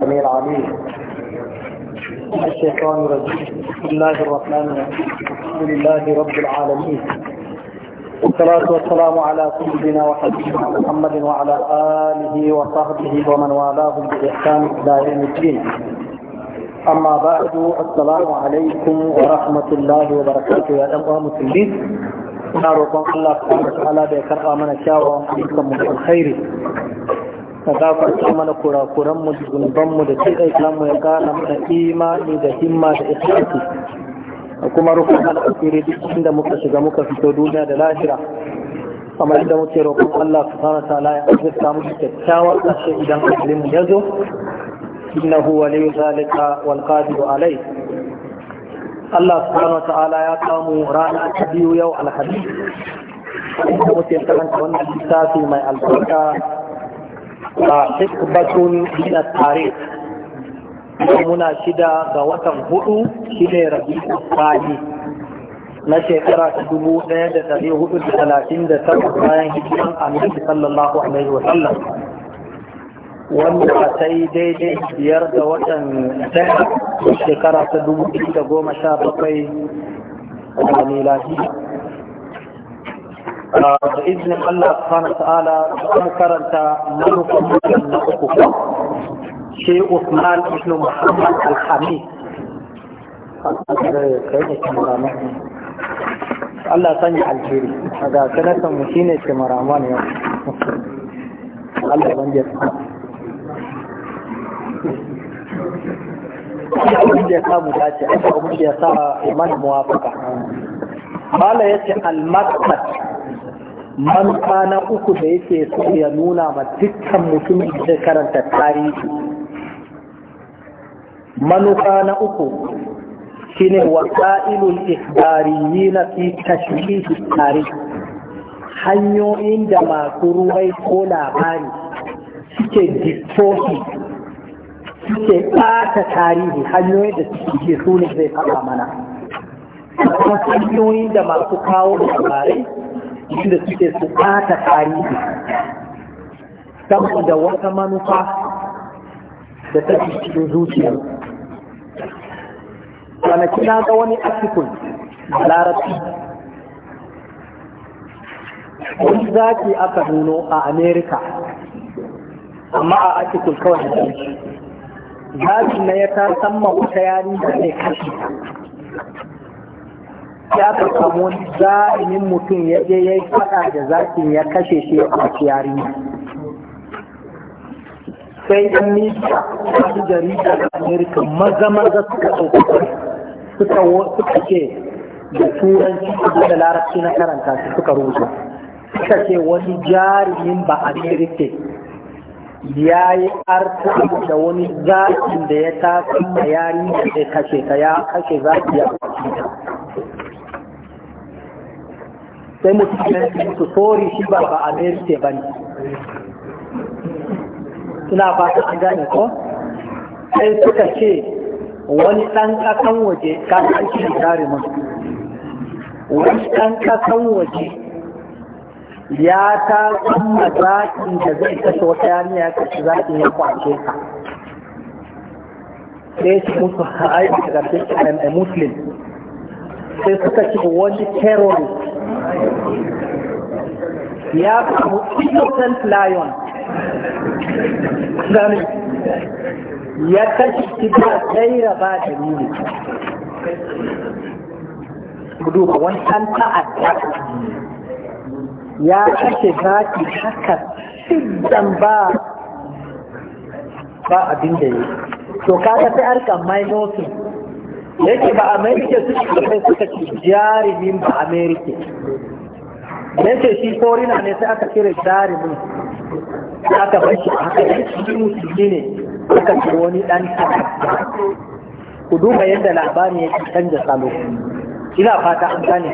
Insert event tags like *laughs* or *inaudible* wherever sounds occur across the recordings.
السميع العليم الشيطان الرجيم بسم الله الرحمن الرحيم الحمد لله رب العالمين والصلاة والسلام على سيدنا وحبيبنا محمد وعلى آله وصحبه ومن والاه بإحسان إلى يوم الدين أما بعد السلام عليكم ورحمة الله وبركاته يا أيها المسلمين أنا roƙon Allah الله سبحانه وتعالى da من karɓa mana kyawawan ayyukan ka gafarta mana kurakuranmu da zunubanmu da cikin islamu ya gana mana imani da himma da ikhlasi da kuma rufin al'asiri duk inda muka shiga muka fito duniya da lahira kamar inda muke roƙon Allah subhanahu wa ta'ala ya azurta mu kyakkyawar ƙarshe idan ajalin ya zo innahu ne zalika wal qadiru alai Allah subhanahu wa ta'ala ya kamu rana ta biyu yau alhamis inda muke karanta wannan littafi mai albarka hikbatun ila tare tarikh muna shida ga watan hudu shine rabi'ul tsari na shekara ta dubu ɗaya da tare hudu da talatin da takwas bayan hijiran annabi sallallahu alaihi wa sallam wanda a sai daidai biyar da watan ɗaya shekara ta dubu biyu da goma sha bakwai a miladi da izinin Allah subhanahu ta'ala kuma karanta manufan mutum na uku shi Usman ibn Muhammad al-Hamid Allah sanya alheri daga sanatan mu shine ce maraman yau Allah ban je abin da ya samu dace abin da ya sa iman muwafaka Bala ya ce al-makat manufa na uku da yake so ya nuna ma dukkan mutumin da karanta tarihi manufa na uku shine wasa'ilul ikhbariyina fi shi, tarihi hanyoyin da masu ruwai ko labari suke distorti suke ɓata tarihi hanyoyin da suke su ne zai faɗa mana hanyoyin da masu kawo labarai inda suke su ɓata tarihi saboda wata manufa da ta fi cikin zuciya wane kina ga wani article a larabci wani zaki aka nuno a Amerika, amma a article kawai da zaki na ya ta samma wata yari da ne kashi Ya aka samu za'imin mutum ya je ya yi fada da zakin ya kashe shi ya kwaci yari sai in nisa wasu jarida da amerika maza maza suka ɗauka suka suka ce da turanci da larabci na karanta su suka rubuta suka ce wani jarumin ba amerika ya yi arta da wani zakin da ya tafi da yarinya sai kashe ta ya kashe zafi ya kwaci ta sai mutum ya su sori shi ba ba amerika ba ne suna ba su an gane ko sai suka ce wani ɗan ƙasan waje kasa ake tare mun wani ɗan ƙasan waje ya ta kama zaƙin da zai kashe wata yarinya ya kashe zaƙin ya kwace ka sai su musu ha'ai da ƙarfi a muslim sai suka ce wani terrorist ya samu innocent lion gani ya kashe kita tsaira ba da nuni duba wani ɗan ta'adda ya kashe zaki haka siddan ba ba abin da yi to kaga sai arka minosin yake ba amerika su kai suka ci jarumin ba amerika yake shi korina ne sai aka cire jarumin aka shi a haka yake shi musulmi ne aka ci wani dan tabbata ku duba yadda labarin ya ci canza salo ina fata an gane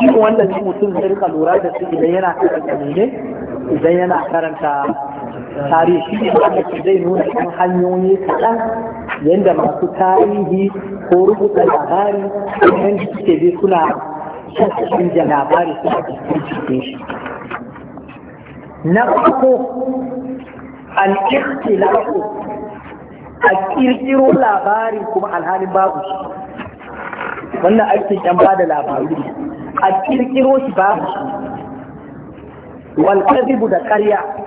shi wanda shi mutum zai rika lura da su idan yana karanta ne idan yana karanta tarihi ne wanda zai nuna kan hanyoyi kaɗan yadda masu tarihi ko rubuta labari yadda suke bi suna cikin da labari suna cikin shi na farko al-ikhtilafu a kirkiro labari kuma alhalin babu shi wannan aikin yan ba da a ƙirƙiro shi babu shi wal da karya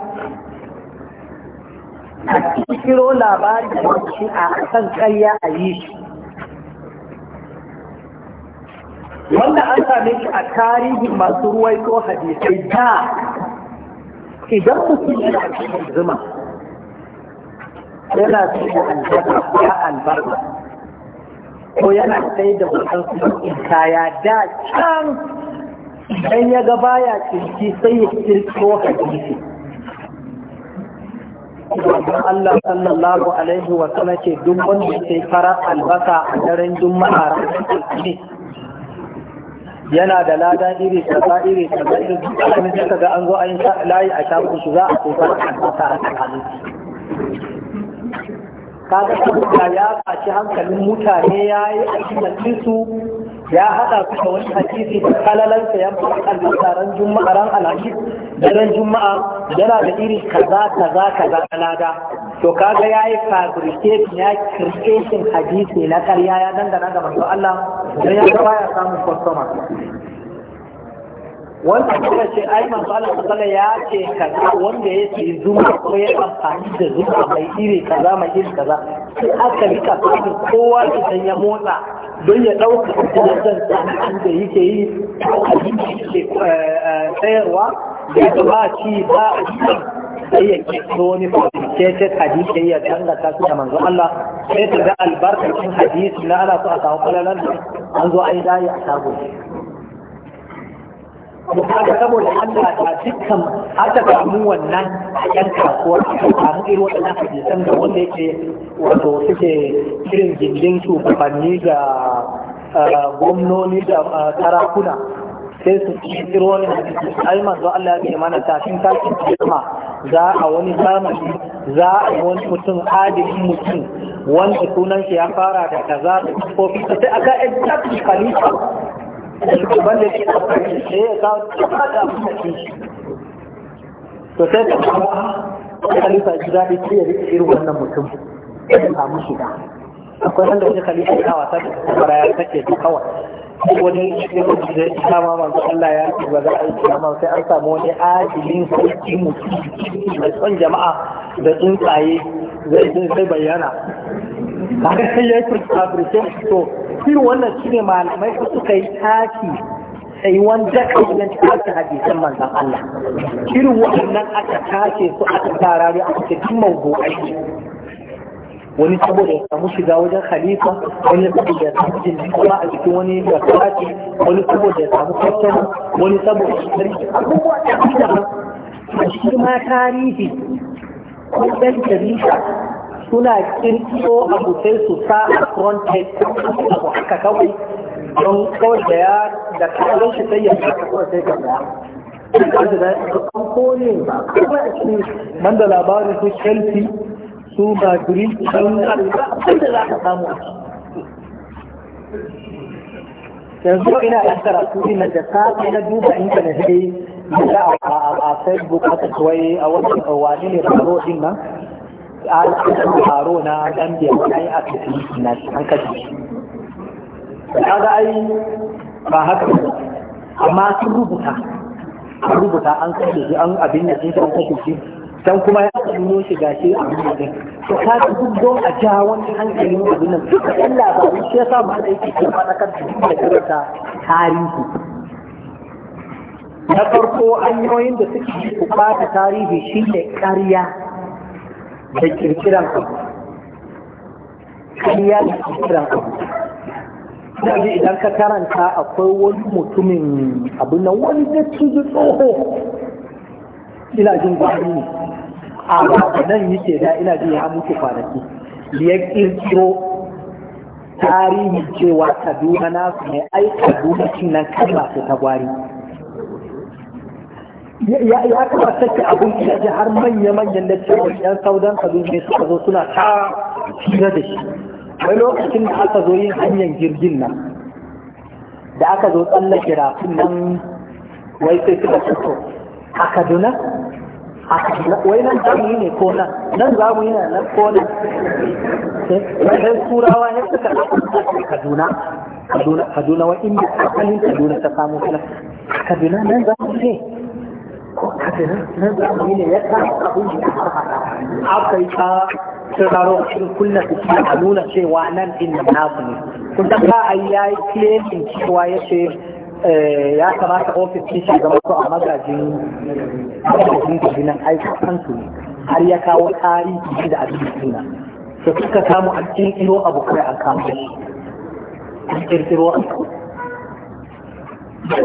a kiro labari shi a kan karya a yi shi wanda an same shi a tarihin masu ruwai ko hadisai da idan mutum yana cikin zuma yana cikin albarka ya albarka ko yana sai da wasan kaya da can idan ya ga baya cikin sai ya kirkiro hadisi Wannan Allah sallallahu Alaihi wasallam ce duk wanda ke fara albasa a daren juma'a Yana da lada iri kaza iri kaza iri kaza ne suka ga an zo a yin layi a shafin su za a tofar albasa a tsakanin. kaga saboda ya faci hankalin mutane ya yi a su ya haɗa su da wani hadisi da kalalansa ya fi alƙalƙa juma'a ran alhamis da ran juma'a yana da iri kaza kaza kaza na to kaga ya yi fabrication ya creation hadisi na karya ya dangana ga manzo Allah don ya ga baya samun kwastoma wanda kuma ce ai manzo Allah sallallahu ya ce kaza wanda ya ce zuma ko ya amfani da zuma mai iri kaza mai iri kaza sai aka rika fadi kowa idan ya motsa don ya dauka kudaden sana'an da yake yi a yake eh, eh, sayarwa da ba ci ba sai ya kiro wani fasicated hadisi ya dangata su da manzo Allah sai ta ga albarkacin hadisi na ana so a samu kwalalar an zo ai dai a sabo to kaga saboda Allah da dukkan aka samu wannan a yan kasuwar aka samu irin waɗannan hadisan da wanda yake wato suke irin gindin shugabanni da eh, gwamnoni da eh, sarakuna sai su kiro wani hadisi ai manzo Allah ya ce mana tashin tashin kiyama za a wani zamani za a yi wani mutum adilin mutum wanda sunan shi ya fara da kaza da kofi sai aka exactly khalifa da shugaban da ke ɗaukar shi ya kawo cikin da abokin shi to sai ka kawo khalifa ji daɗi ce ya rike irin wannan mutum ya samu shiga akwai wanda wani khalifa ya wasa da kamara ya sake ta kawai wani shirin zai ya kama manzo Allah ya ce ba za a yi kiyama sai an samu wani ajilin sarki mutum Mai son jama'a da tsuntsaye zai bayyana kaga sai ya yi kafirce to irin wannan shi ne malamai su suka yi taki sai wanda yi kainan tashi hadisan manzan Allah irin wannan aka tashi su aka tara ne aka ce duk mawdu'ai wani saboda ya samu shiga wajen khalifa wani saboda ya samu jin kuma a cikin wani da kwaci wani saboda ya samu kwatsam wani saboda ya samu abubuwa da shi da shi ma tarihi ko ɗan jarida suna kin so abu sai su sa a head abu haka kawai don kawai da ya da kawai shi sai ya kawai sai ka da an ba kawai a cikin man da labarin su chelsea su madrid sun da za ka samu yanzu ina yan karatu ina da safe na duba intanet dai da a facebook haka kawai a wasu wani ne da rodin nan taro na gambia ai a cikin na an kashe kaga ai ba haka ba, amma sun rubuta an rubuta an kashe shi an abin da sun san kashe shi dan kuma ya nuno shi gashi a cikin to ka ga duk don a ja wani hankalin abin nan duka ɗan labarin shi yasa ma da yake ke faɗakar da duk da ta tarihi na farko hanyoyin da suke bata tarihi shi ne ƙarya da kirkiran abu kariya da kirkiran abu ji idan ka karanta akwai wani mutumin abu na wani da tuzu tsoho ina jin gwari ne a nan yake da ina jin ya mutu kwanaki ya kirkiro tarihi cewa kaduna na su mai ai kaduna cin nan masu ta gwari ya kama sake abun yaji har manya-manyan da cewa yan saudan ka zuwa suka zo suna ta tira da shi wai lokacin da aka zo yin hanyar jirgin nan da aka zo tsallake rafin nan wai sai suka fito a kaduna a kaduna wai nan za mu yi ne ko nan nan za mu yi ne nan ko nan sai turawa ya suka kaduna kaduna kaduna wa inda asalin kaduna ta samu kaduna nan za mu yi nan ne ya kama da aka yi ta tsiraro cikin kulla su a nuna cewa nan din na nasu ne kun a ya yi kilemin cewa ya ce eh, ya kamata ofis ɗin shi su a magajin da gajinan aika kansu ne har ya kawo tarihi da abin suna da suka samu a cikin abu kai a kama shi cikin kiro abu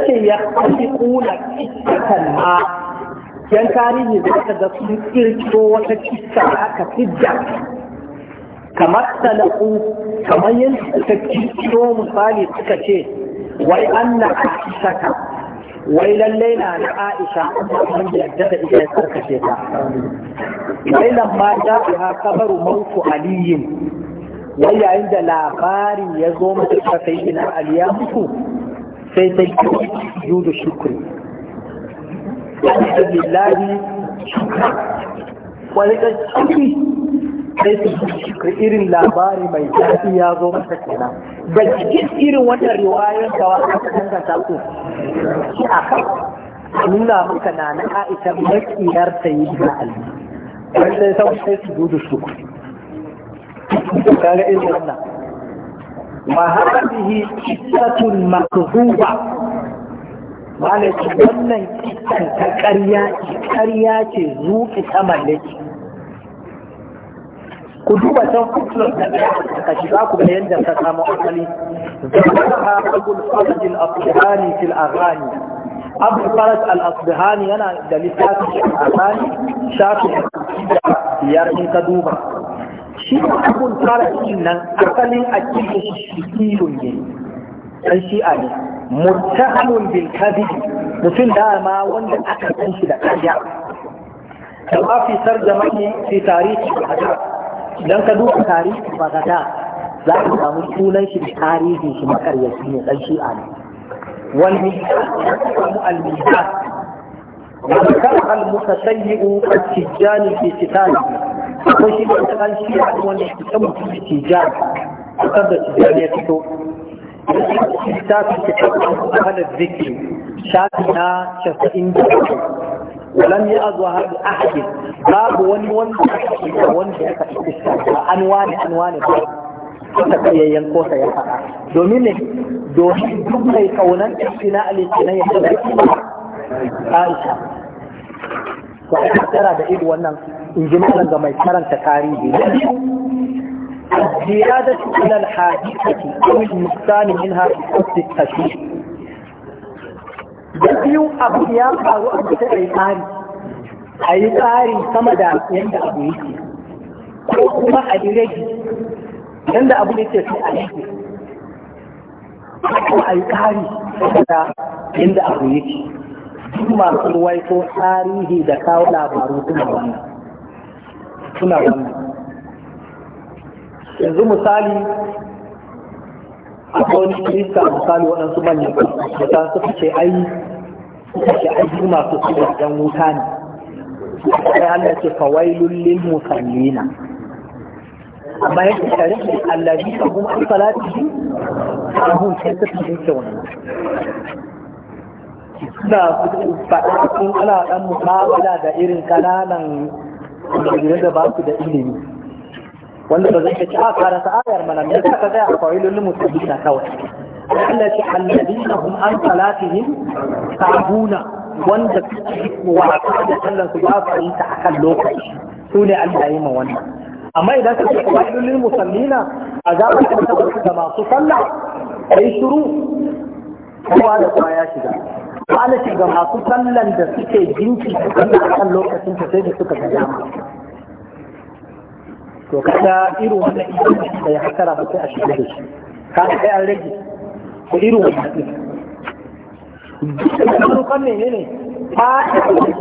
ce ya kasi kuna ma yan tarihi da aka ga sun kirkiro wata kissa da aka fidda kamar talaku kamar yadda suka kirkiro misali suka ce wai anna aisha ka wai lallai na da aisha an da yadda da ita ya karkace ta wai nan ma da ha kabaru mautu aliyin wai yayin da labari ya zo mata sai ina aliya mutu sai sai yudu shukri lillahi wani ɗan ciki sai su irin labari mai daɗi ya zo masa kenan da cikin irin wannan riwayoyin da wasu aka danganta ku shi a kan nuna maka na na Aisha makiyar ta yi da Ali wanda ya san sai su gudu su ga irin wannan wa hadhihi qissatun makdhuba malaki wannan kitan ta ƙarya ce ƙarya ce zuƙi ta mallaki ku duba can kutlon da ka shiga ku da yadda ka samu asali zamaha abul faraj al asbihani fil aghani abul faraj al asbihani yana da littafin aghani shafi biyar in ka duba shi abul faraj nan asalin cikin shi ne dan shi'a ne muttahamun bil kadhibi mutum dama wanda aka san shi da ƙarya kama fi sarjamani fi tarihi bagada idan ka duba tarihi da, za ka samu sunan shi da tarihin shi makaryaci ne dan shi'a ne wal mizan al mizan وذكر المتشيئ التجاني في كتابه وشيء الشيعة والتسمى da التجان ya fito. littafin da ta kuma da zikri shafi na shafa'in da ولم يأذها لأحد باب وان ون وان أنوان وان تكفي ينقوس يفعل دومين دومين دوم لي كونان استناء لسنة يحدث عائشة وأكثر بعيد ونن إن جمالا جمع كارن تكاريبي الزيادة إلى الحادثة أو المقتان منها في حفظ التشريع يبيو أبو يابا وأبو تأيمان أي تاري سمدا يند أبو يسي كما أبو رجي يند أبو يسي في أبو kuma a سمدا ƙari أبو يسي abu yake duk masu ruwaito tarihi da kawo labaru suna wannan yanzu misali a wani kirista misali waɗansu manyan da suka ce ai suka ce ai su masu su ɗan wuta ne sai Allah ce kawai lullin musallina amma yake tare da Allah bi ka kuma an salati a hun sai ta tafi da wannan suna faɗa sun ala ɗan mu'amala da irin ƙananan da ba su da ilimi wanda ba zai ce a ah, karanta ayar mana me yasa ka ga fawailul lil mutaqina kawai Allah ya alladina hum an salatihim sabuna wanda wa da sallan su ba su yi ta akan lokaci su ne Allah ya yi ma wannan amma idan ka ce fawailul lil musallina azabar da ta ga masu sallah kai shiru kowa da kowa ya shiga kwanaki ga masu sallan da suke jinki a kan lokacin ta sai da suka ga dama to kada irin wannan idan da ya hakara ba sai a shiga da shi ka ga an rage ko irin wannan duk da kuma kan ne ne ta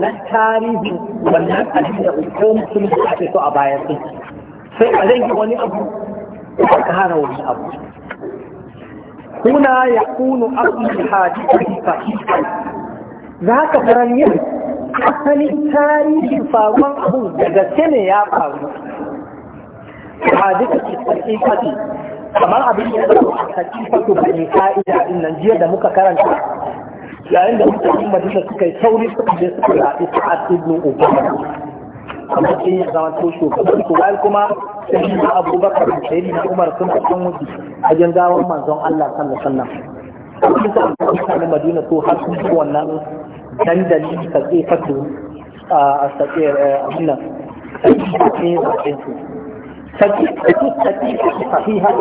nan tarihi wannan abin da ko mutum da ake a baya sun sai a rage wani abu ka hana wani abu هنا يكون أصل الحادثة صحيحا ذاك فرنيا أصل التاريخ فاوضه دقتين ya faru. hadisi hakikati kamar abin da ya ka'ida din nan jiya da muka karanta yayin da muka yi madina suka yi sauri suka je suka zaɓi kamar zama to shugaban su kuma sai yi abubakar da na umar wuce a manzon allah sallallahu alaihi wasallam sun madina to har sun wannan dandali ka a tsakiyar nan فتيكتي فيها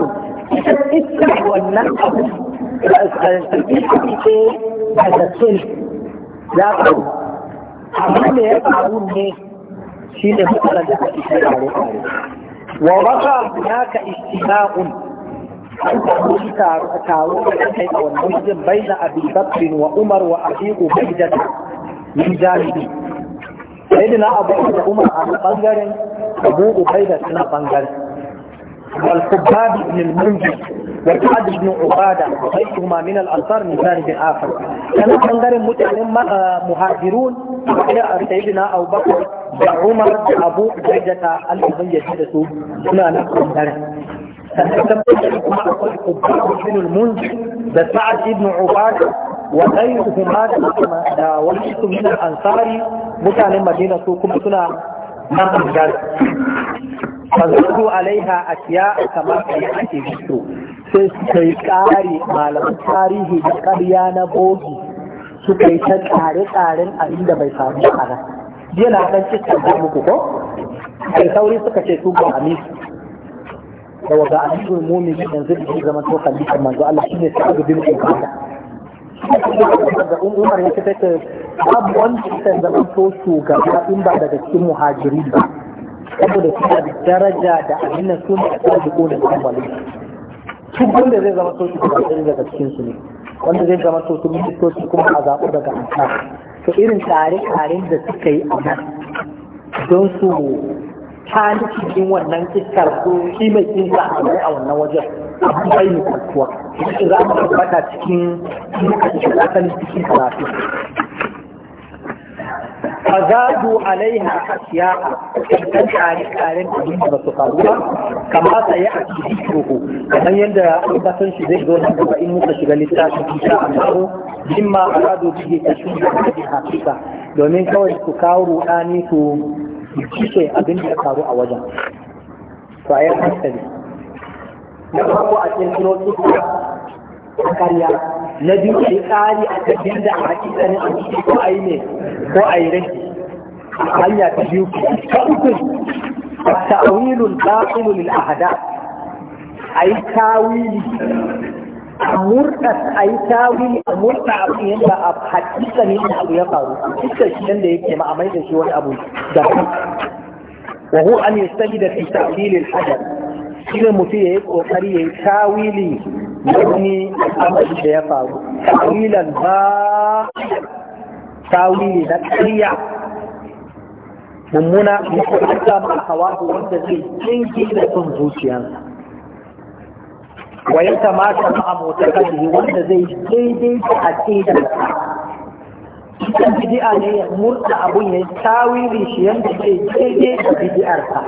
تفتح والنفس فتيكتي فيه هذا الصلح لكن حمام يقعون ايه في مثلا ووضع هناك اجتماع بين أبي بكر وعمر وأخيه بيدة من جانبي sai da da kuma a bangaren abu ubai da suna bangare wal kubad ibn al munzir ubada sai kuma min al ansar min zari bin afar kana bangaren mutanen ah, muhajirun sai a abubakar da umar abu ubaida ta al ibn da su suna nan bangaren حبان المنذر ده سعد بن عباده وغيرهما da wasu min al-ansari mutanen madina su kuma suna nan da fazaru alaiha akiya kama kai ake fito sai suka yi tsari malaman tarihi da ƙarya na bogi suka yi ta tsare-tsaren abin da bai samu a nan jiya na kan cikin ko sai sauri suka ce su ba da ga alifin mumi yanzu da shi zaman to kalifin manzo Allah shi ne sa'adu bin Ubada da umar ya ta ce babu wani ya zaman to shugaba in ba daga cikin muhajiri ba saboda suna da daraja da abin su ne a tsarki ko da kamfani duk wanda zai zama to shugaba ɗin daga cikin su ne wanda zai zama to su ministoci kuma a zaɓu daga amsa to irin tare-tare da suka yi a nan don su nufi jin wannan iskar ko shi mai za a mai a wannan wajen kuma bai mu kwantuwa shi za mu tabbata cikin cikin asalin cikin karatu fazadu alaiha asya'a kan kare karen duk da su faru ba kama sai a cikin koko kamar yadda ambatan shi zai zo nan gaba in muka shiga littafin kisa amaro mimma aradu bihi tashwish bihi hakika domin kawai su kawo ruɗani su kishe abin da ya faru a wajen to a yi hankali na farko a cikin tsukiya a karya na biyu a yi tsari a cikin da a hakikanin a ciki ko a yi ne ko a yi rage a hanya ta biyu ta uku a ta'awilun ahada a yi tawili a murɗa a yi tawili a murɗa abu yadda a hakika ne wani abu ya faru duka shi nan da yake ma'amai da shi wani abu da wa hu an yastali da fi tawilil hadar shi ne mutum ya yi kokari ya yi tawili wani amali da ya faru tawilan ba tawili na ƙarya mummuna mutum ya samu a hawa wanda zai jinki da son zuciyarsa wa ya kamata ma abota kalli wanda zai daidai da aqidar kan bidi'a ne ya murta abun ya tawili shi yanda ke daidai da bidi'ar ka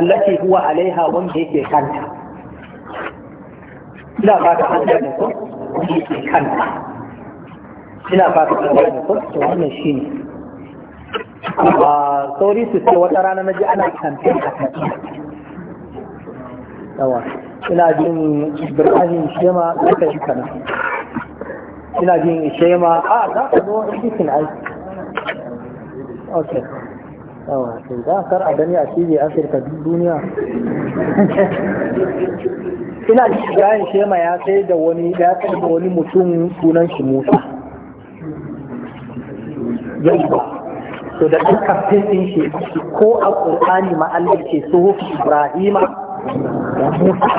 allati huwa alaiha wanda yake kanta ina ba ka da ne ko yake kanta ina ba ka hanyar da ko to wannan shi ne. a sauri su ce wata rana na ji ana kanta a kanta yawa ina jin ibrahim shema aka shi kana ina jin shema a za ka zo cikin aiki okay yawa sai za kar a gani a cibiyar afirka duk duniya *laughs* ina jin ibrahim shema ya sai da wani ya sai da wani mutum sunan shi musa yabba to da duk kafin shi ko a ƙur'ani ma'allar ke ce ibrahima ya musa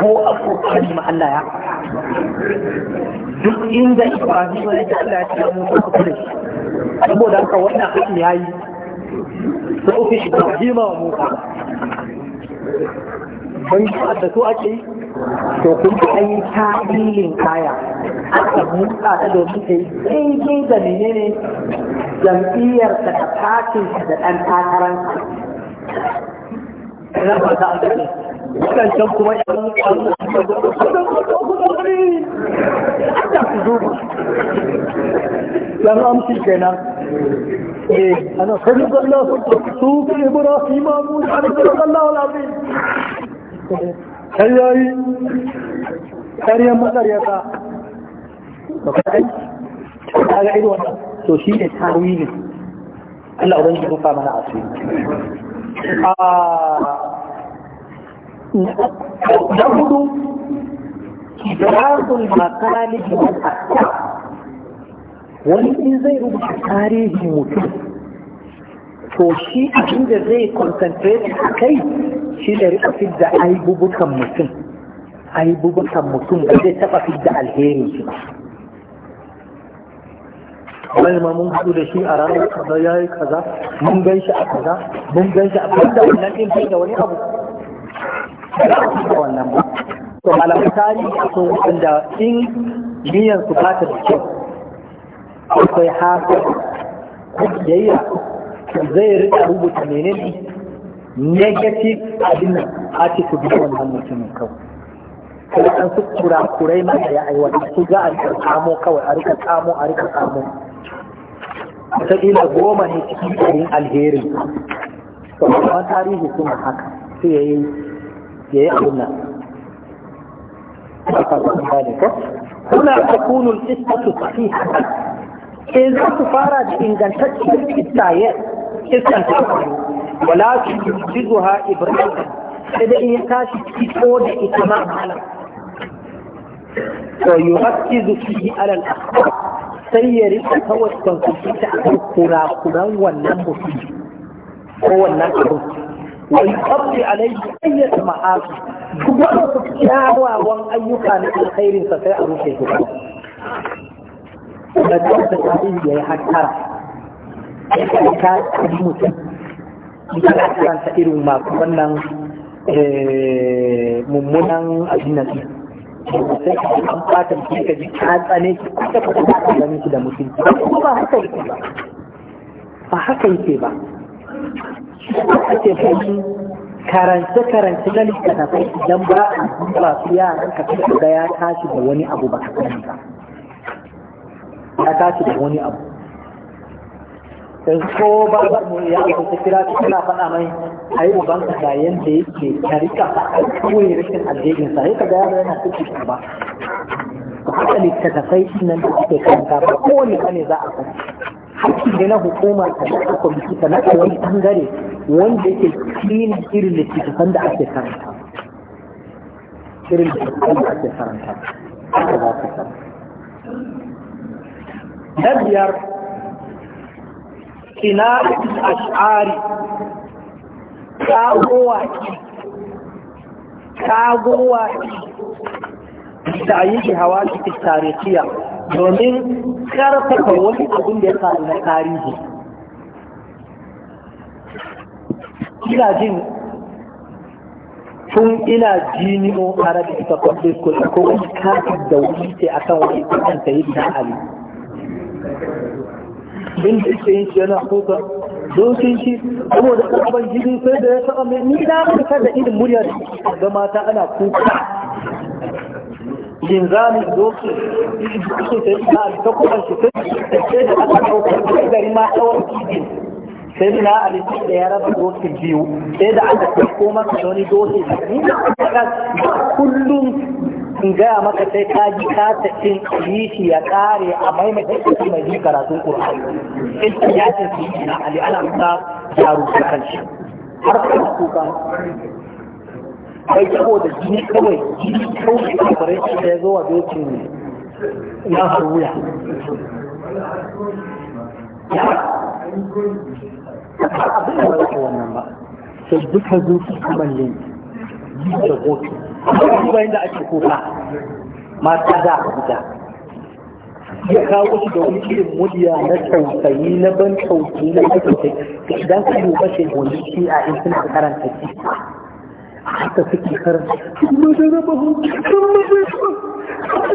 ko abokan ma Allah ya duk inda ibrahim ya ce Allah ya ta ya musa ku kula saboda haka wannan hakin ya yi sau fi ibrahim wa musa ban shi da su ake yi to kun ta yi tabilin kaya aka musa ta domin ta yi daidai da menene jam'iyyar da ta da ɗan takarar ina ba ta kuma yan ku kenan eh ana sani Allah su bi Ibrahim mu an Allah al-azim ba ta ga irin wannan to shi ne Allah ubangiji ya mana asiri a na hudu idrakul makalih wal ahkam wani in zai rubuta tarihi mutum to shi abin da zai concentrate a kai shi da rika fidda aibubukan mutum aibubukan mutum ba zai taba fidda alherin shi ba wani ma mun haɗu da shi a ranar kaza ya yi kaza mun gan shi a kaza mun gan shi a kaza wannan ɗin da wani abu ba wannan ba to malamin tarihi akwai wanda in niyyar su ba ta da kyau akwai haka yayya zai rika rubuta menene negative abin nan attitude na wannan mutumin kawai kuma an su kurai ma ya aiwata su za a rika kamo kawai a rika kamo a rika kamo wataƙila goma ne cikin ɗarin alheri to tarihi suna haka sai ya yi ليأخذ الماء تكون القصة صحيحة إذا تفارد إن كانت تكتاية إذا ولكن يجدها إبراهيم إذا إن يكاش تكتود إتماع على ويركز فيه على الأخبار سيري فتوى التنفيذ على القرى قرى والنمو فيه هو النمو فيه ويقضي عليه أي معاصي كبرت كاوى وان أيها من خير فسيأروك يتبع بدأت الحديث يا حكارة كانت الموتى كانت سائر ما كنا ممنا أجنة an fatan ki ka ji ka tsane ki kuka kuka ka gani ki da mutunci ba haka yake ba ba haka yake ba ake fahimci karance-karance na littattafai idan ba a duba su yaran ka fi da ya tashi da wani abu ba ka sani ba ya tashi da wani abu in ko ba ba mu ya ku ta kira ta kana faɗa mai ai uban ka ga da yake ka rika a ya rikin aljejin sa sai ka ga yaro yana cikin ba ka haka littattafai nan da suke karanta ba kowane kane za a sani hakki ne na hukuma ta da kwamiti ta naka wani bangare wanda yake clean irin littattafan da ake karanta irin littattafan da ake karanta haka za ka san na biyar kina ash'ari kagowa kagowa da ayyuki hawa cikin tarihiya domin karfafa wani abin da ya faru na tarihi ina jin tun ina jini jiniyo arabic secondary school ko wani kafin da wani ce akan wani kusan yi da ali bin da ke yin shi yana kusa dokin shi saboda karban jini sai da ya taɓa mai ni na da irin murya da mata ana kuka linzamin doki su ta yi na takuban shi sai da aka ɗaukar da gari ma tsawon kibin sai da na aliki da ya raba doki biyu sai da aka ɗauko masa da wani doki ni da kullum in gaya maka sai ka ji ka ta cin kishi ya kare a maimaita kishi mai ji karatun ƙur'ani in ta yakin kishi na ali ana ta jaru da kanshi har kuma kuka kai saboda jini kawai jini kawai a bare shi da ya zo wa dokin ya su wuya abin da ba wannan ba sai duka zo su kuma ne yi da goto kuma yadda ake kuka mata za a fita ya kawo shi da wani irin murya na tausayi na ban tausayi na ake kai idan ka duba shi wani shi a in suna karanta shi haka suke karanta kuma da raba hutu da na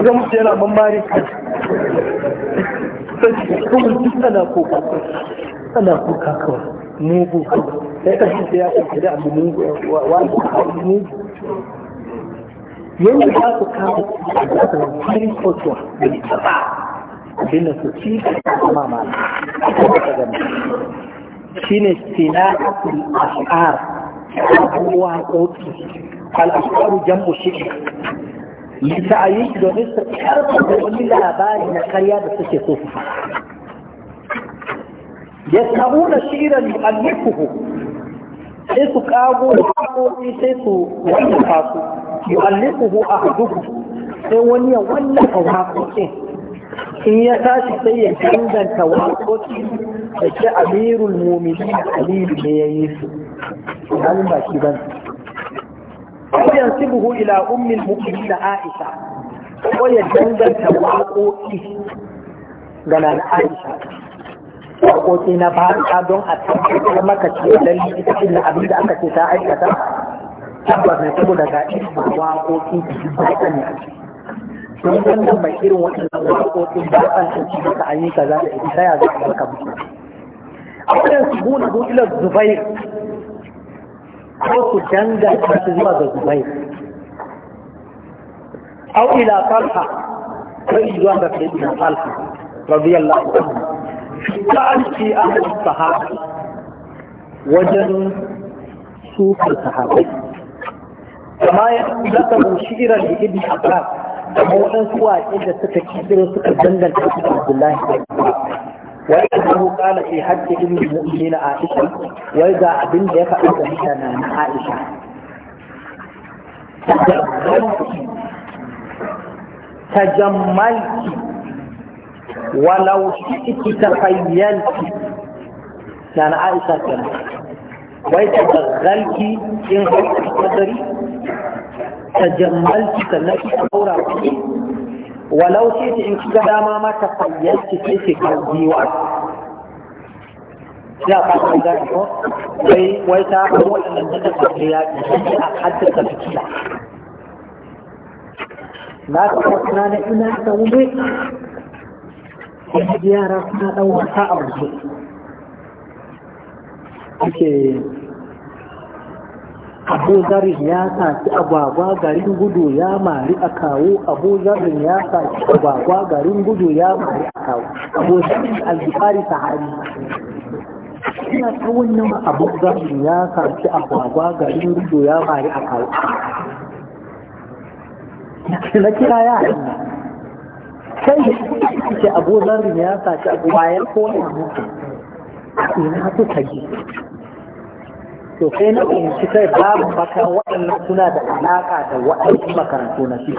na mutu yana mamari kuma duk ana kuka ana kuka kawai mugu sai ya kuka da abu mugu mugu yanzu za ku kawo a zaɓar wani kotuwa da ta ba abin da su ci kuma mana shi ne sina al'ashar abubuwa ƙoƙi al'ashar jambu shi lita a yi domin su karfafa wani labari na karya da suke so su fara ya samu na shirin al'ikuhu sai su kago da kakoki sai su wallafa su yi al'ikuhu a haduhu sai wani ya wallafa wakokin in ya tashi sai ya danganta waƙoƙi da ke amirul mumini aliyu ne ya yi su halin ba shi ban wajen buhu ila ummil mukmini da aisha ko ya danganta waƙoƙi ga na aisha waƙoƙi na fata don a tabbatar maka cewa lalle ita ce na abin da aka ce ta aikata tabbas ne saboda ga waƙoƙi da ne a ciki don wannan mai irin waɗannan waƙoƙin ba a san shi maka an yi kaza da ita ta ya za a maka musu a wajen su buna bu ila zubair ko su da su zuwa ga zubair au ila talha ko zuwa ga sayyidina talha radiyallahu anhu ta'anci ahli sahaba wajen sufar sahabai kama ya zata shirar da ibn abbas da waɗansu waƙe da suka kiro suka danganta su da Abdullahi wai da mu kana fi hajji ibn mu'minin Aisha wai ga abin da ya faɗa da mutane na Aisha tajammalki walau shi'ki tafayyalki na na Aisha kenan wai ta in hajji kadari tajammalti sannan kika daura kuɗi walau ce ta in kika dama ma ta fayyanci sai ke kalbiwa ya ka ta gani ko sai wai ta ko wannan da ta ya ki a haddasa fikira na ta kwatna na ina ta wuri yara suna ɗan wasa a waje abu zarin ya saki agwagwa garin gudu ya mari a kawo abu zarin ya saki agwagwa garin gudu ya mari a kawo abu zarin aljifari sahari ina ta wannan abu zarin ya saki agwagwa garin gudu ya mari a kawo na kira ya hanyar sai da ce abu zarin ya saki agwagwa ya kowane mutu ina ta tagi to sai na fahimci kai babu maka waɗannan suna da alaƙa da waɗansu makarantu na shi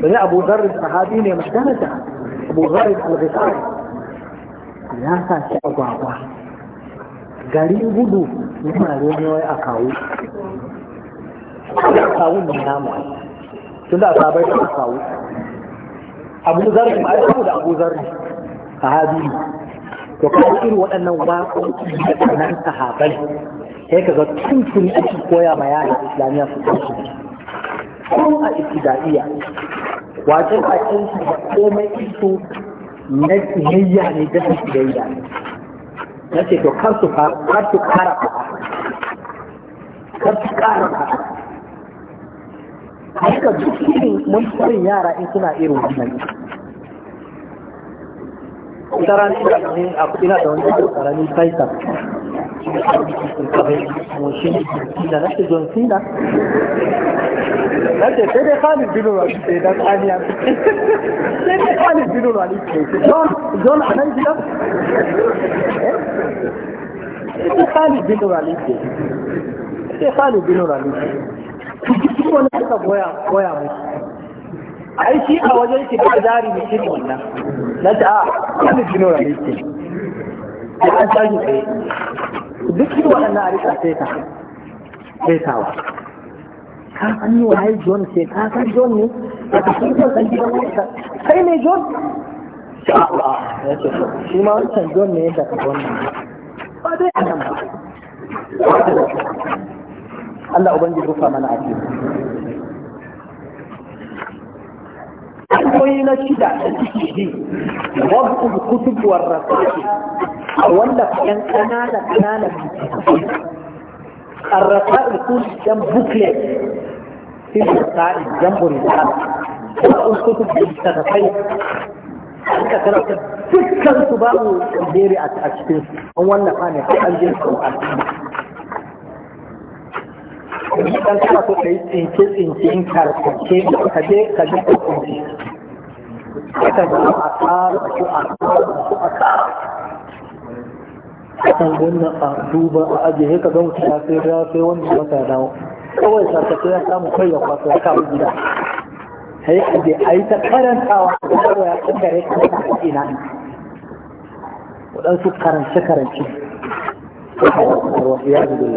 bari abu zarar sahabi ne mai daraja abu zarar al ya sa shi agwagwa gari gudu yana wai a kawo a kawun ne namu Tunda da a sabai da a kawo abu ya kawo da abu zarar sahabi ne to kuma irin waɗannan waƙoƙi da kanan sahabai sai ka ga tuntun ake koya ma yaran islamiyya su kansu kun a ibtidaiya wace cikin su da komai iso na tsiyayya ne da su tsiyayya ne na ce to kar su kar kara faɗa kar su kara faɗa haka duk irin mun yara in suna irin wannan wata rana ina da wani karami faisal moshin da nake john cena nake sai dai khalid bin walid sai dan aniya sai dai khalid bin walid sai john john anan gidan eh? sai khalid bin walid sai khalid bin walid kuma ne ka boya goya musu ai shi a wajen shi ba jari mai shi wannan na ta a ah, wani shi nora ce da an tashi tsaye duk shi waɗannan a rika sai ta sai tawa ka san yi wahayi john ce ka san john ne a cikin john san gidan wanka kai ne john sha'a ya ce shi ma wancan john ne ya daga wannan ba dai a nan ba Allah Ubangiji rufa mana a akwai na shida da ciki wasu kutub warrasaki wanda yan kanana kanana arrasaki sun dan booklet sun sa'i dan burisa wasu kutub da ta kai aka karanta dukkan su babu jere a cikin an wannan ne an je su dan kana so kai tsince tsince in karkace ka je ka je ka tsince ka da a tsara su a tsara su a tsara kan wannan a duba a ajiye ka ga mutum ya sai ya sai wanda ya masa dawo kawai sarkace ya samu kai ya kwaso ya kawo gida sai a je a yi ta karantawa da kawai ya kankare ka ta ina waɗansu karance-karance. Wasu ya zubi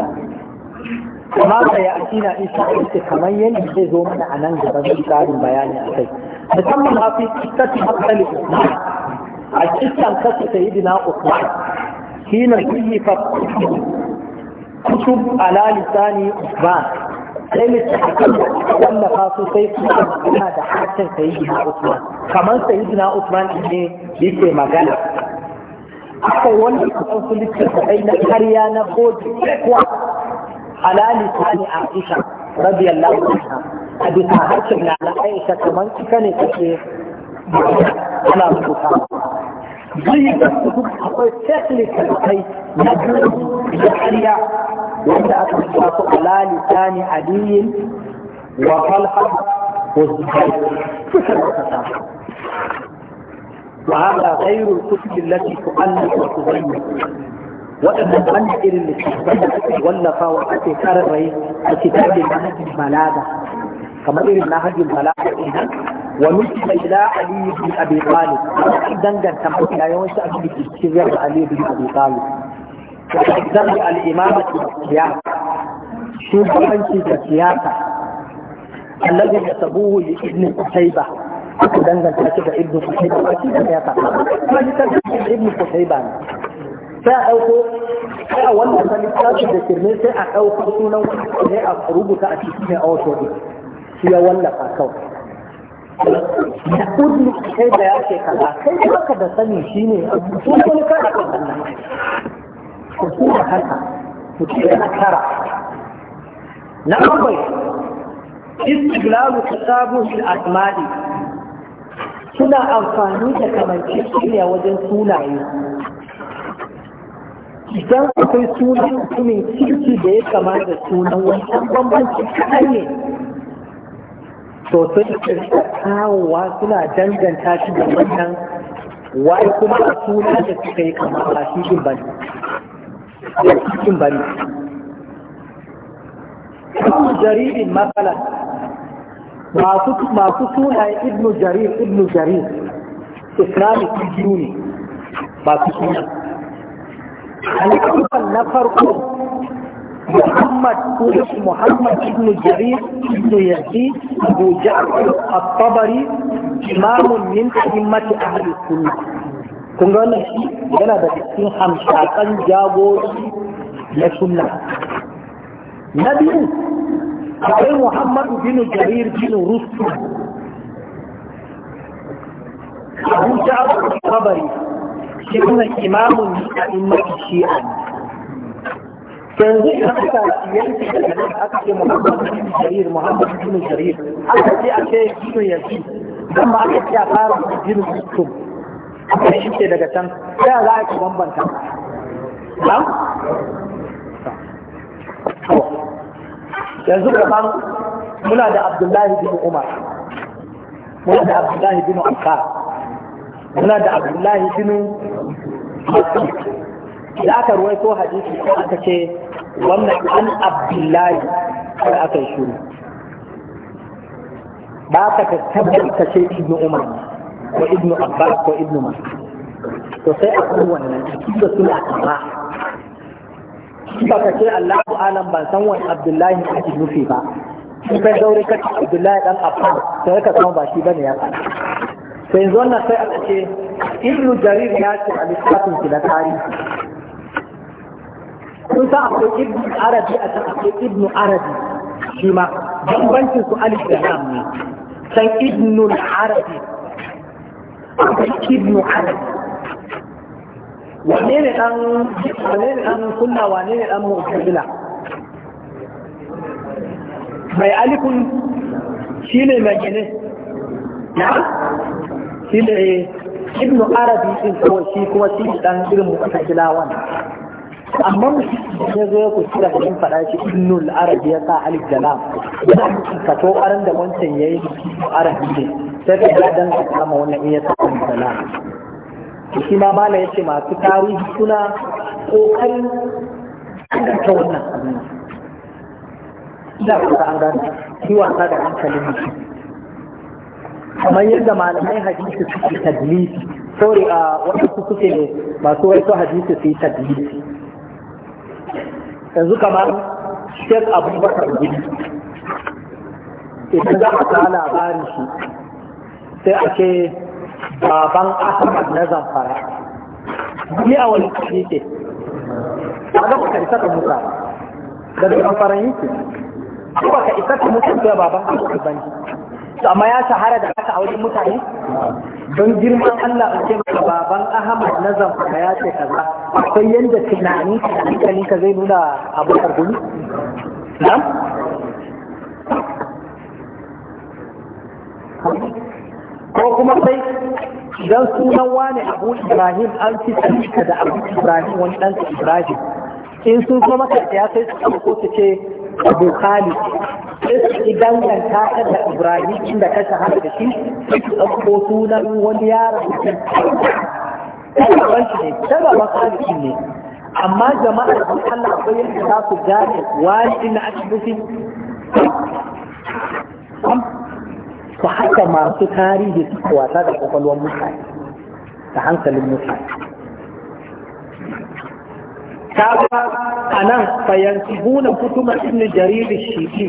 وهذا يأتينا إن شاء الله كما ينزل زوم عن أنجب بإشكال بيان أكيد مثلا ما في قصة مختلف عثمان القصة عن قصة سيدنا عثمان حين كيف كتب على لسان عثمان لم تتحكم ولا خاصو سيف هذا حتى سيدنا عثمان كمان سيدنا عثمان إني ليس مجال أكثر ولا خاصو لسه سيدنا كريانا بودي على لسان عائشة رضي الله عنها أبي تهجمنا على عائشة كمان كان تشي على الكفار ضيق على لسان علي وطلحة وهذا غير الكتب التي تؤلف وتبين waɗannan wanda irin littattafan da ake wallafawa ake karar rai a kitabin manhajin balaga kamar irin manhajin balaga idan wa nusila ila ali bin abi talib an danganta mutum da yawanci abin da ke cikin yadda ali bin abi talib zama al'imama da siyasa shugabanci da siyasa allazi da sabuhu li ibn qutayba aka danganta shi da ibn qutayba ba shi da siyasa ba ni kan ibn qutayba ne sai a ɗauko sai a wannan ta littafin da kirme sai a ɗauko sunan wani ne a rubuta a cikin ne auto ne shi ya wallafa kawai da kudu sai da ya ce kaza kai haka da sani shi ne sun wani kada ka nan. ku su da haka ku ce na tara na bakwai istiglalu tasabul asma'i suna amfani da kamancin ne wajen sunaye idan akwai sunan mutumin kirki da ya kama da sunan wancan bambanci kaɗai ne to sun kirka kawowa suna danganta shi da wannan wai kuma a suna da suka yi kama a cikin jin a cikin bane ibnu jaririn masalan masu suna ya ibnu jarir ibnu jarir islamic ne masu suna. alƙalfan na farko Muhammad ibn Muhammad ibn Jarir ibn Yazid Abu Ja'far al-Tabari imamun min a'immati ahli sunna kun ga wannan shi yana da cikin hamsakan jagorori na sunna na biyu akwai Muhammad bin Jarir bin Rustum Abu Ja'far al-Tabari shi wannan imamun a shi'a yanzu idan aka yanki da ganin aka ce muhammad bin jarir muhammad bin jarir aka ce a ce bin yasin don ma aka ce a fara bin mutum aka shi ce daga can sai za a ci bambanta na yanzu kaman muna da abdullahi bin umar muna da abdullahi bin abkar muna da abdullahi bin da aka ko hadisi ko aka ce wannan an abdullahi da aka yi shuru ba ka tabbatar ka ce ibnu umar ko ibnu abbas ko ibnu mas'ud to sai a kuma wannan da suna kama ba ka ce Allahu alam ban san wani abdullahi ne ake nufi ba in kai zaure ka ce abdullahi dan abbas sai ka san ba shi bane ya faɗa to yanzu wannan sai aka ce ibnu jarir ya ce a littafin shi na tarihi sun san akwai ibnu arabi a can akwai ibnu arabi shi ma bambancin su alif da lam ne san ibnu arabi akwai ibnu arabi wane ne dan wane ne dan sunna wane ne dan mu'tazila mai alifun shine mai gine, na shi ibn arabi din ko shi kuma shi dan irin mutakilawan amma mutum ya zo ya kuskura da ɗin faɗa shi ibn arabi ya sa alif da lam yana mutum to aran da wancan yayi arabi ne sai ka ga dan ka kama wannan iya sa alif da lam shi ma mala yace masu tarihi suna kokarin ta wannan abin da ka an gane shi wasa da hankalin mutum kamar yadda malamai hadisi suke tadlisi sorry a waɗansu suke ne masu wasu hadisi su yi tadlisi yanzu kamar shek abubakar gudu. idan za a ta labarin shi sai a ce baban ahmad na zamfara ni a wani kashi ke a ga baka isa ka musa da zamfara yake ko ka isa ka musa da baban ahmad ba ne to amma ya shahara da haka a wajen mutane don girman Allah a ce maka baban Ahmad na zamfara ya ce kaza akwai yanda tunanin ka hankalin ka zai nuna abu argumi na'am ko kuma sai idan sunan wani abu Ibrahim an fi ka da abu Ibrahim wani ɗansa Ibrahim in sun kuma makarta ya sai su ko su ce abu kali sai su idan ganta ta kada ibrahim da kasa shahara da shi sai su ɗauko sunan wani yaron mutum kawai ne ta gaban khalid ne amma jama'a sun Allah akwai yadda za su gane wani ina cikin nufi ku haka masu tarihi su kawata da kwakwalwar mutane da hankalin mutane fa a nan fayansibuna kutuma ibn jarir shi'i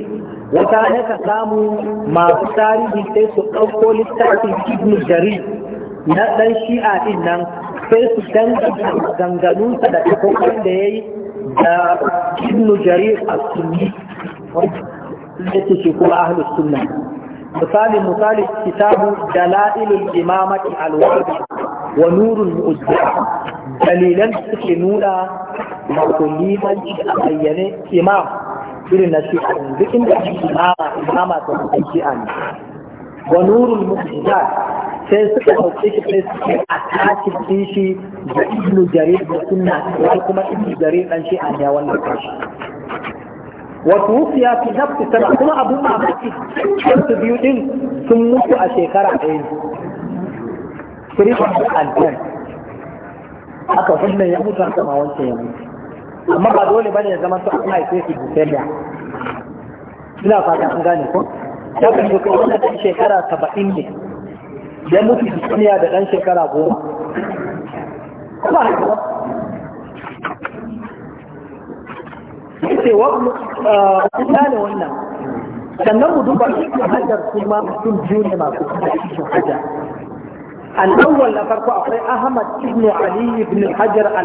wata ne ka samu masu tarihi sai su ɗauko littafin ibn jarir na ɗan shi'a din nan sai su danganta ganganunsa da ɗaukar da ya yi da ibn jarir a sunni wanda shi kuma ahlus sunna misali misali kitabu dalailul imamati alwadi wa nurul mu'azzam dalilan da suke nuna wato a bayyane imam irin na shi duk inda ake imama imama ta suka yi a ne wa nurul sai suka ɗauke shi sai suke a tashi shi da ibnu jarir da sunna wani kuma ibnu jarir dan shi a ne wannan kashi kuma في نفس baki, كما su biyu أبكي sun بيوتين a موت ɗaya. عين فريق الجنة aka wannan ya mutu haka wancan ya amma ba dole bane ya zama su an haife su Bukeliya ina fata an gane ko ya kan shi kai wanda ɗan shekara 70 ne ya mutu duniya da dan shekara 10 kuma haka yace wa uh, kuma ne wannan sannan mu duba shi hajar kuma mutum biyu ne masu kuma shi hajar الاول ل أ و ل ل بن علي بن الحجر ا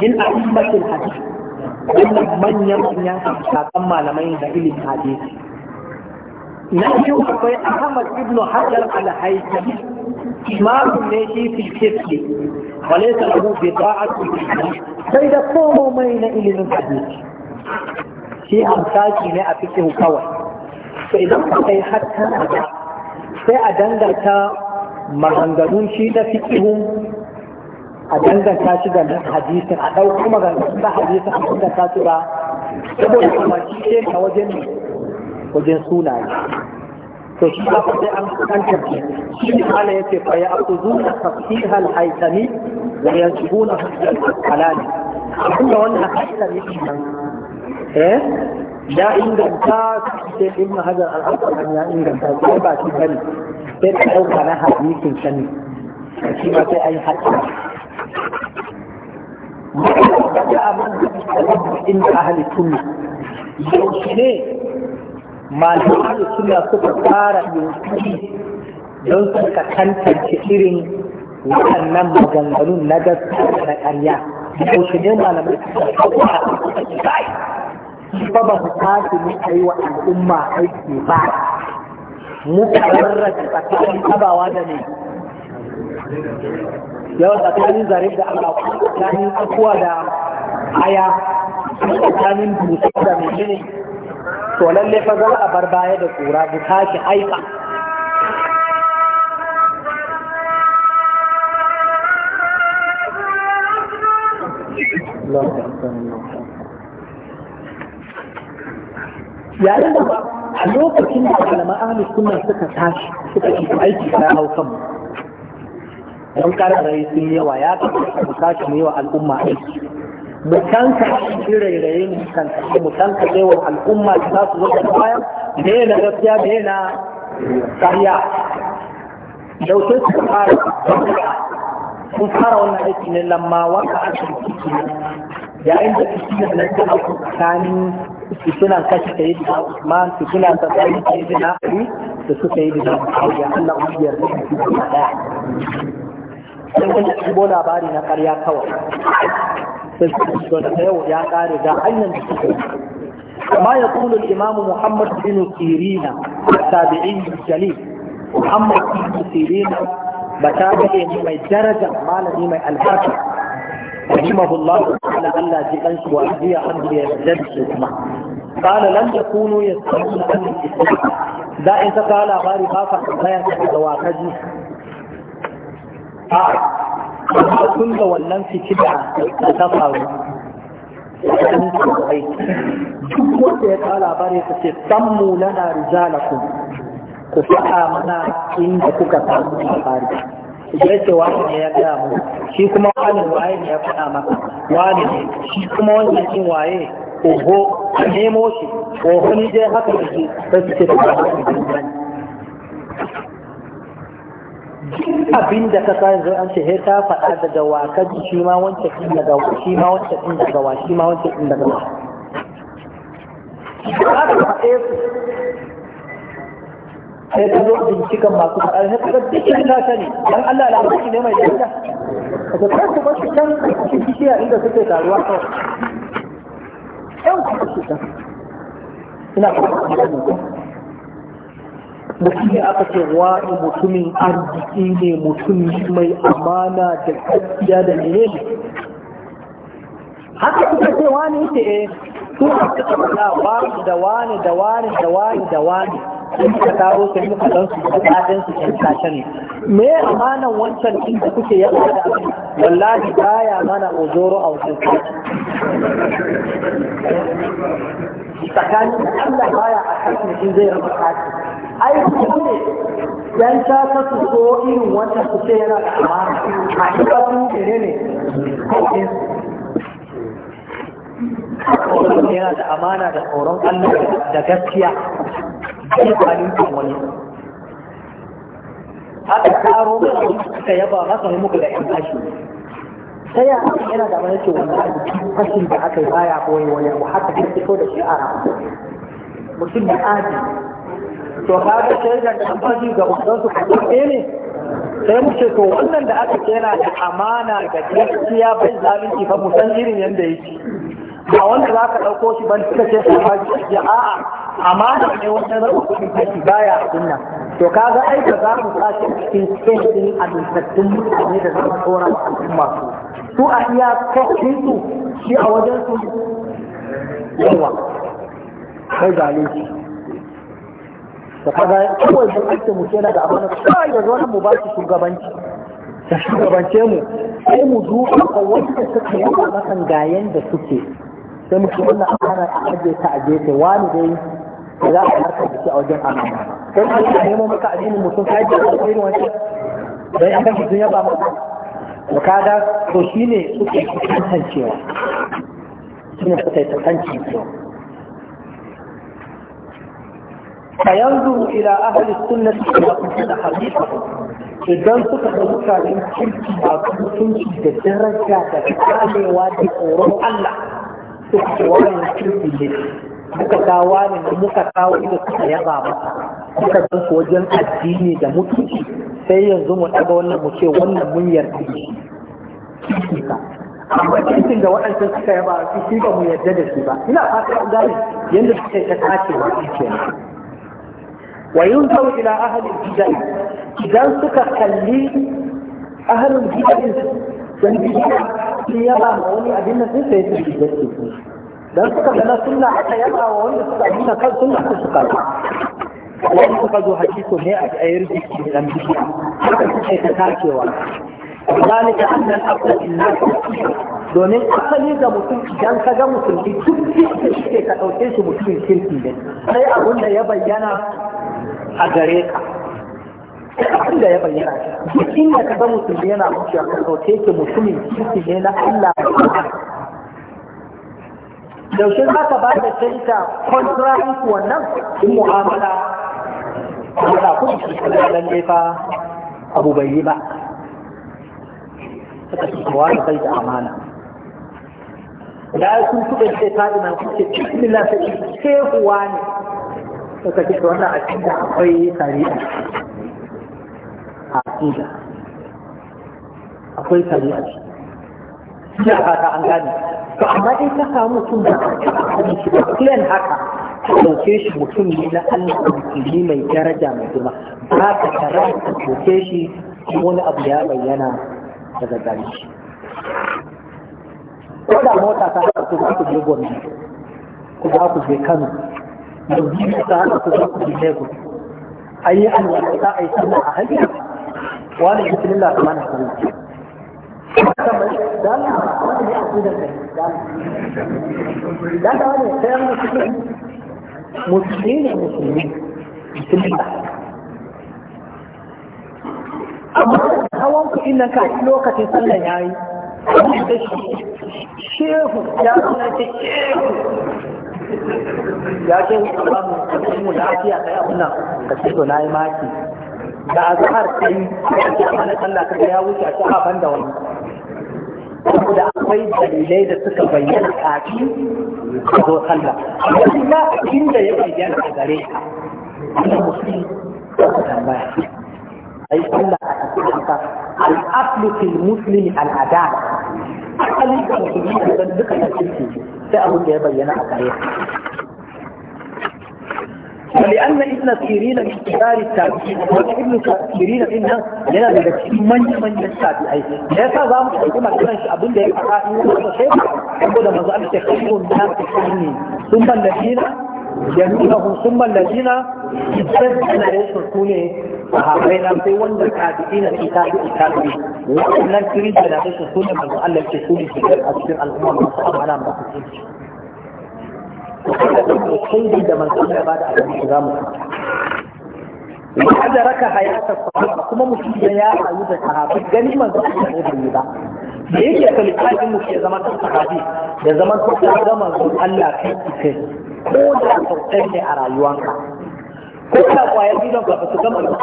من ائمه ئ م الحديث ومن من يمكن ان يتكلم على من يدخل الحديث نحن اخي احمد بن حجر على هيثم اسمار النبي في الشرك وليس له بضاعه في الحديث فاذا قوموا من الى الحديث في امثال جماعه فيه قوى فاذا قوموا حتى sai a danganta maganganun shi da fikihun a danganta shi da hadisin a ɗauko maganganun da hadisin a danganta su ba saboda kamar shi ce ta wajen wajen sunaye to shi ba sai an an tafi shi ne ala yace fa ya akuzuna tafsirha al-haytami wa yansubuna hujjat al-halal abinda wannan haytami din eh ya inganta sai ɗin mahajar al ya inganta sai ba shi bane sai ka dauka na hadisin sani shi ba sai ai hakki ya man in ahli sunna yaushe ne malaman suna sunna suka fara yunkuri don suka tantance irin waɗannan maganganun na gaskiya na ƙarya yaushe ne malamai suka fara ba ba su tashi ne a yi wa al'umma aiki ba muka rarraki tsakanin tabawa da ne yawan tsakanin zarif da ta tsakanin akuwa da aya tsakanin dusa da mai ne to lalle fa za a bar baya da kura bu tashi aika Allah yayin da a lokacin da malama ahli sunna suka tashi suka yi aiki na haukan don kararrayi sun yawa ya kamata mu tashi mu yi wa al'umma aiki mu tanka shi rairaye mu tanka shi mu tanka sai wa al'umma da za su zo da bayan da yana gaskiya da yana ƙarya dauke su fara sun fara wannan aiki ne lamma wanda aka yi yayin da fitinar nan ta auku tsakanin fitinar kashe ta yi da Usman fitinar ta tsari ta yi da Ali da suka yi da Muawiya Allah ya yarda da su da daya sai wani shigo labari na karya kawai sai su shigo da yau ya kare da hanyar da suka yi كما يقول الإمام محمد بن سيرين التابعي الجليل محمد بن سيرين بتابعه من درجة ما لدي من الحاكم رحمه الله تعالى ألا جئنش وأهدي عنه يزدد حكمة قال لم يكونوا يستمعون عن الإسلام دا إن قال غاري خاصة غير زواكجي آه كل ولن في كدعة تفعل duk wanda ya kala bari ta ce sammu lana rijalakum ku faɗa mana inda kuka samu labari ya ce wani ne ya gaya mu shi kuma wani waye ne ya faɗa maka wani ne shi kuma wani ne waye oho a nemo shi oho ni dai haka da shi ta su ce ta ba su duk abin da ka sa yanzu an ce he ta faɗa daga waka shi ma wancan din daga wa shi ma wancan din daga wa shi ma wancan din daga wa. su sai ta zo bincikan masu faɗa na kasar dukkan ta ne dan Allah al'amari ne mai daraja daga ba su kan can cikin bishiya inda suke taruwa kawai yan ku basu can ina da mutum ne aka ce wa mutumin arziki ne mutum mai amana da gaskiya da ne ne haka kuka ce wani ce eh su aka ce da wani da wani da wani da wani da wani sai muka kawo sai muka dan su da ɗaɗin su kan sace ne me amanan wancan din da kuke ya da abin wallahi baya mana ojoro a wajen su tsakanin Allah baya a kasin in zai rama kaci ai ku ne yan ta ta su so irin wancan su ce yana da amana a shiga su ne ne yana da amana da tsoron Allah da gaskiya bai zalunci wani haka karo suka yaba masa ne muku da yan kashi sai ya haka yana da mana cewa na kashin da aka yi baya koyi wani abu haka ta fito da shi a ramu mutum da aji to kaga shaidar da amfani ga ubansu kamar ɗaya ne sai mu ce to wannan da aka kera da amana ga gaskiya bai zalunci fa mu san irin yanda yake ba wanda za ka ɗauko shi ban suka ce kuma ya a'a da ne za rabu kuɗin kashi baya a nan to ka ga aika za mu sashi cikin cikin ɗin mutane da zama tsoron al'umma su su a iya kwakwacin su shi a wajen su yawa kai shi. da kawai da ake mu kenan da amana da zuwa mu ba su shugabanci da shugabance mu sai mu duba wanda suka yi a gayen da suke sai mutum wannan a ajiye ta a gefe wani dai ba za a harka da shi a wajen amana sai mutum ya nemo maka addinin mutum ka ajiye da irin wancan dan an kashi sun yaba maka to kaga to shine suke tantancewa shine suke tantancewa فينظر إلى أهل السنة ويقول حقيقة idan suka ga mutanen kirki a cikin da daraja da kamewa da Allah suka ce wani kirki ne muka kawo ne muka kawo inda suka yaba masa muka san su wajen addini da mutunci sai yanzu mu ɗaga wannan mu ce wannan mun yarda ne amma cikin da waɗancan suka yaba su shi ba mu yarda da shi ba ina fata an gane yadda suke ta kace wa shi wa yunzau ila ahli bid'ah idan suka kalli ahlul bid'ah dan bidiya sun yaba ma wani abin da sai sai su da su dan suka ga na sunna aka yaba wa wanda suka yi kan sunna su suka yi wani suka zo hakiko ne a tsayar jiki dan bidiya haka suke ta takewa ذلك أن الأفضل الناس domin asali ga mutum idan ka ga musulmi duk da shi ka ɗauke su mutumin kirki ne sai abin da ya bayyana a gare ka abin da ya bayyana duk inda ka ga musulmi yana mutuwa ka sauke ke mutumin kirki ne na Allah yaushe za ka ba da shaita contrary wannan in mu'amala da kuma kirki da lalle fa abu bai yi ba suka ci kowa da kai da amana da sun kuɗin sai fa'ina kuke cikin bismillah sai shehuwa ne suka ce wannan a cikin akwai tarihi aqida akwai kare a ya fata an gane to amma dai ka samu mutum da shi da plan haka ta dauke shi mutum ne na Allah musulmi mai daraja mai kuma ba ka tare ta dauke shi wani abu ya bayyana daga gari shi ko da mota ta haka ko ku je gwamnati ku za ku je Kano yanzu ta haka ku za ku je Lagos an yi ta za a yi a hanyar wani bismillah na da Allah wani ya fi da kai da Allah wani sai musulmi musulmi ne musulmi bismillah amma hawan ku inna ka lokacin sallan yayi shehu ya sanar da shehu ya ce mu lafiya kai abun nan ka ce na nayi maki da azhar sai ake amana sallah kaga ya wuce a sha'a ban da wani saboda akwai dalilai da suka bayyana kafin a zo sallah amma ba inda ya bayyana a gare ka wannan musulmi ba tambaya ai sallah a cikin ka al-aslu fil muslimi al-adal asalin da musulmi da duka da kirki sai abin da ya bayyana a gare ka ولأن ابن سيرين من كبار التابعين وابن سيرين إن لنا لك من من التابعين لا تزام كما كان أبن ده أقائل شيء يقول ما زال تخيل الناس الحين ثم الذين يمينهم ثم الذين يتبعون يشركون sahabai na sai wanda tabi'i na ita da ita ne wannan kirista da su sunan manzo Allah ke sunan a cikin al'umma masu amana masu cikin kada da kai da manzon da bada abin da za mu ya da raka hayata sahaba kuma mutum da ya rayu da sahabi gani manzon da ne ba da yake kalifin mu ke zama kan sahabi da zaman ko ta ga manzon Allah kai kai ko da sautai ne a rayuwanka ko ka kwayar gidan ka ba su gama da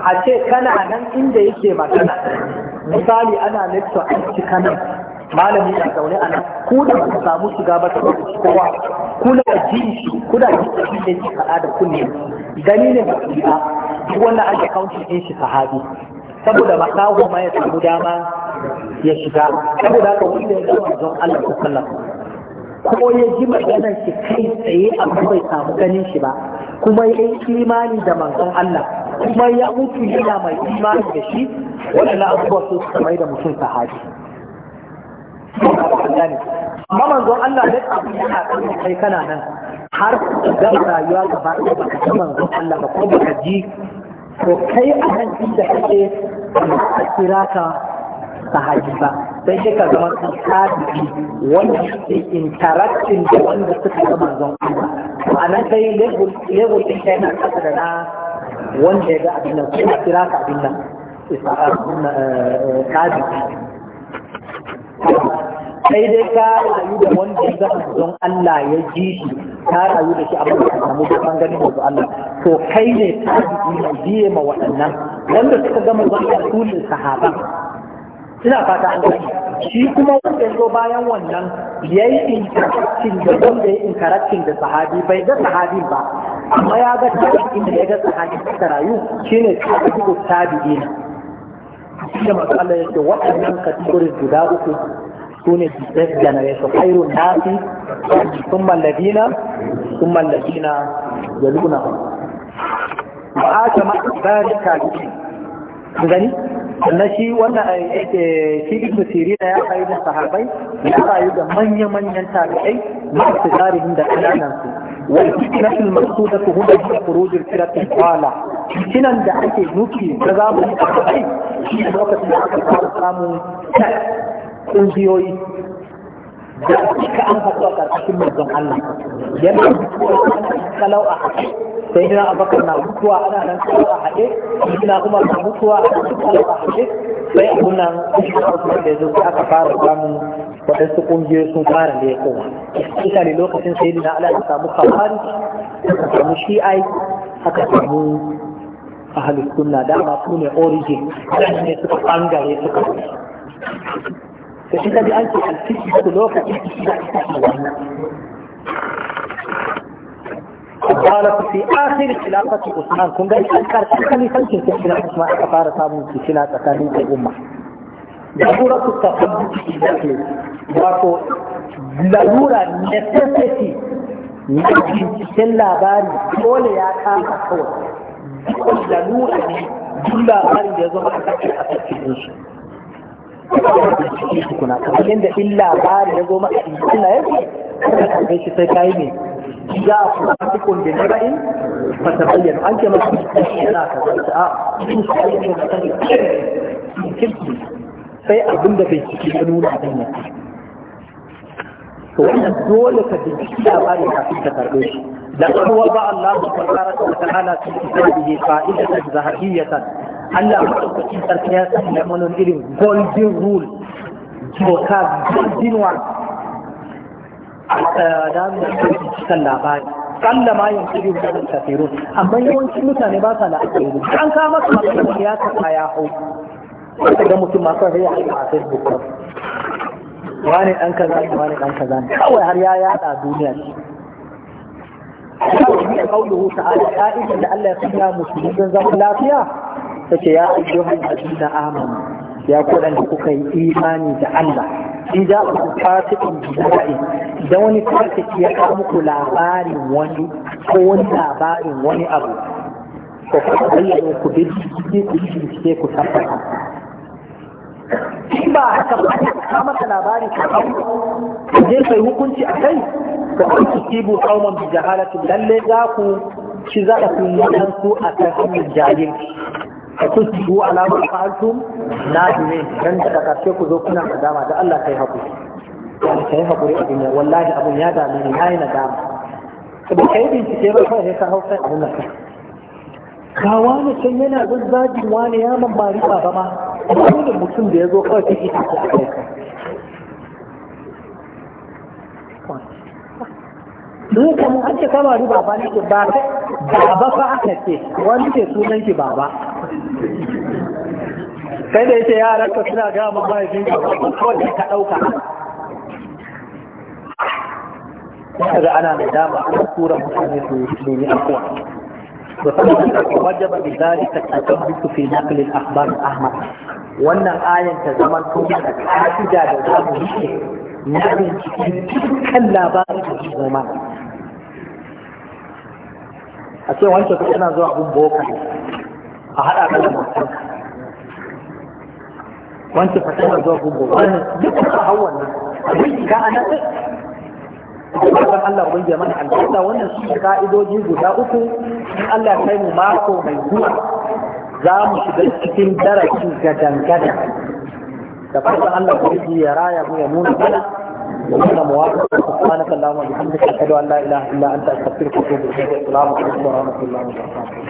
a ce kana nan inda yake magana misali ana lecture an ci kanan malami ya zaune a nan ku da ku samu shiga ba ta ku kowa ku da jin shi ku da jin shi da shi faɗa da kunne gani ne su kuri'a duk wanda ake kaunci din shi sahabi saboda makaho ma ya samu dama ya shiga saboda haka wanda ya zama don Allah ko alaihi ko ya ji maganar shi kai tsaye a bai samu ganin shi ba kuma ya yi imani da manzon Allah kuma ya mutu yana mai imani da shi waɗannan abubuwa su su da mutum sahabi amma manzon Allah ne abin yana kan kai kana nan har ga rayuwa gaba ba ka ji manzon Allah ba ko baka ji ko kai a nan inda kake a kira ka sahabi ba sai dai ka zama sahabi wanda ke interacting da wanda suka ga manzon Allah a nan sai level level din kai na kasa da na wanda ya ga abin nan sai kira ka abin nan sahabi sai dai ka rayu da wanda ya zama don Allah ya ji shi ka rayu da shi a da samu da bangaren wasu Allah to kai ne ta mai biye ma waɗannan wanda suka gama zuwa su ne sahaban ina fata an gani shi kuma wanda ya zo bayan wannan ya yi inkarattin da wanda ya inkarattin da sahabi bai ga sahabi ba amma ya ga tarihin da ya ga sahabi suka rayu ne ta tabi'ina inda masu Allah ya ce waɗannan categories guda uku su ne best generation khairun nasi sun mallabina sun mallabina ya luna ba a kama zalika gani na shi wannan shi ibnu sirina ya rayu da sahabai ya rayu da manya-manyan tabi'ai na tijarihin da kananan su wal fitnatul maqsudatu huwa bi khurujil firatil qala kinan da ake nufi ta yi a kai shi lokacin da aka fara samun kungiyoyi da suka an faɗo a ƙarƙashin manzon Allah yana kalau a haɗe sai ina abakar na mutuwa ana nan kalau a haɗe ina kuma na mutuwa ana nan kalau a haɗe sai abun nan da ya zo sai aka fara samun waɗansu ƙungiyoyi sun fara da ya kowa ita ne lokacin sai na Allah ya samu kawari aka samu shi'ai aka samu ahalus sunna dama su ne origin ne suka ɓangare suka to shi ka ji an ce alfishi da lokacin shi da ita shi wannan قالت في آخر خلافة عثمان كنت أذكر خليفة في خلافة ما أفار صابون في خلافة ثانية الأمة ضرورة التقدم في الداخل واتو ضرورة necessity na cikin labari dole ya kama kawai duk lalura ne duk labarin da ya zama a kasar a cikin su kuna kamar yadda in labari ya zo maka in Allah ya kada ka kai shi sai kai ne za a kuma cikin da ne bayin fa ta bayyana an ce maka yana ka zanta a in sai ne ka sani kirki sai abin da bai ciki ya nuna din ne to wannan dole ka binciki labari kafin ka karɓe shi لقد وضع الله تبارك وتعالى في كتابه قاعدة ذهبية Allah maɗaukakin sarki ya da mana irin golden rule doka golden one da eh, mu yi cikin labari kalla ma yin kiri da kan kafiru amma yawancin mutane ba sa la'akari an kawo masa magana ya kasa ya hau sai ga mutum masu rayu a Facebook wani ɗan kaza ne wani ɗan kaza ne kawai har ya yada duniya ne kawai ne kauluhu ta'ala ka'idin da Allah ya ya musulmi don zama lafiya take ya ayyuhan ladina amanu ya kuɗan kuka yi imani da Allah in za ku fasikin bid'a'i da wani fasiki ya kawo muku labarin wani ko wani labarin wani abu ko ku bayyana ku bincike ku bincike ku tabbata in ba haka ba ka masa labari ka ku je kai hukunci a kai ko ku tibu qauman bi jahalatin lalle za ku ki za ku yi su a kan jahilci a tusbihu a ma na nadimin dan da karshe ku zo kuna dama da Allah kai hakuri kai haƙuri a duniya wallahi abun ya dame ni yayi nadama saboda kai bincike ba kai ka hausa abun nan ka wani can yana zagin wani ya mambari ba ba ma wani mutum da ya zo kawai ta ita a kai duk kuma an ce kama riba ba ne ba ba fa aka ce wani ke sunan ki baba kai da yake yaran ka suna gama mahaifin ka kawai ka ɗauka kaga ana da dama a tura mutane su nemi afuwa وفقد وجب بذلك التثبت في نقل الاخبار الاحمر wannan ayan ta zaman tuni da ka'ida da za mu yi na binciken dukkan labarin da ke goma a ce wancan kuɗi yana zuwa abin boka a haɗa da mutum wancan fasahar zuwa gugu wani duk wata hawan nan abin ka a Allah ubangiji mana albarka wannan su ka'idoji guda uku in Allah kai mu mako mai zuwa za mu shiga cikin darasi gadan gadan da farkon Allah ubangiji ya raya mu ya nuna mana